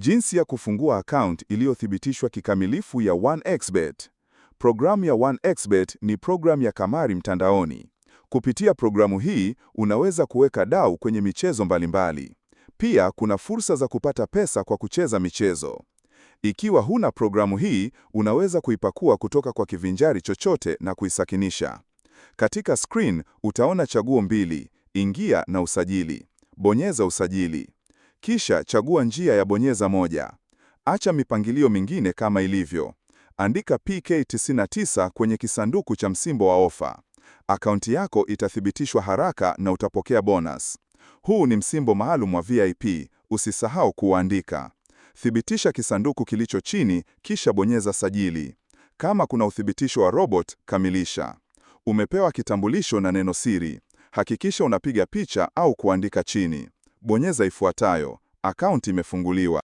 jinsi ya kufungua account iliyothibitishwa kikamilifu ya 1xBet. Programu ya 1xBet ni programu ya kamari mtandaoni. Kupitia programu hii unaweza kuweka dau kwenye michezo mbalimbali. Pia kuna fursa za kupata pesa kwa kucheza michezo. Ikiwa huna programu hii, unaweza kuipakua kutoka kwa kivinjari chochote na kuisakinisha. Katika screen utaona chaguo mbili, ingia na usajili. Bonyeza usajili. Kisha chagua njia ya bonyeza moja. Acha mipangilio mingine kama ilivyo. Andika PK99 kwenye kisanduku cha msimbo wa ofa. Akaunti yako itathibitishwa haraka na utapokea bonus. Huu ni msimbo maalum wa VIP, usisahau kuandika. Thibitisha kisanduku kilicho chini, kisha bonyeza sajili. Kama kuna uthibitisho wa robot, kamilisha. Umepewa kitambulisho na neno siri. Hakikisha unapiga picha au kuandika chini bonyeza ifuatayo, akaunti imefunguliwa.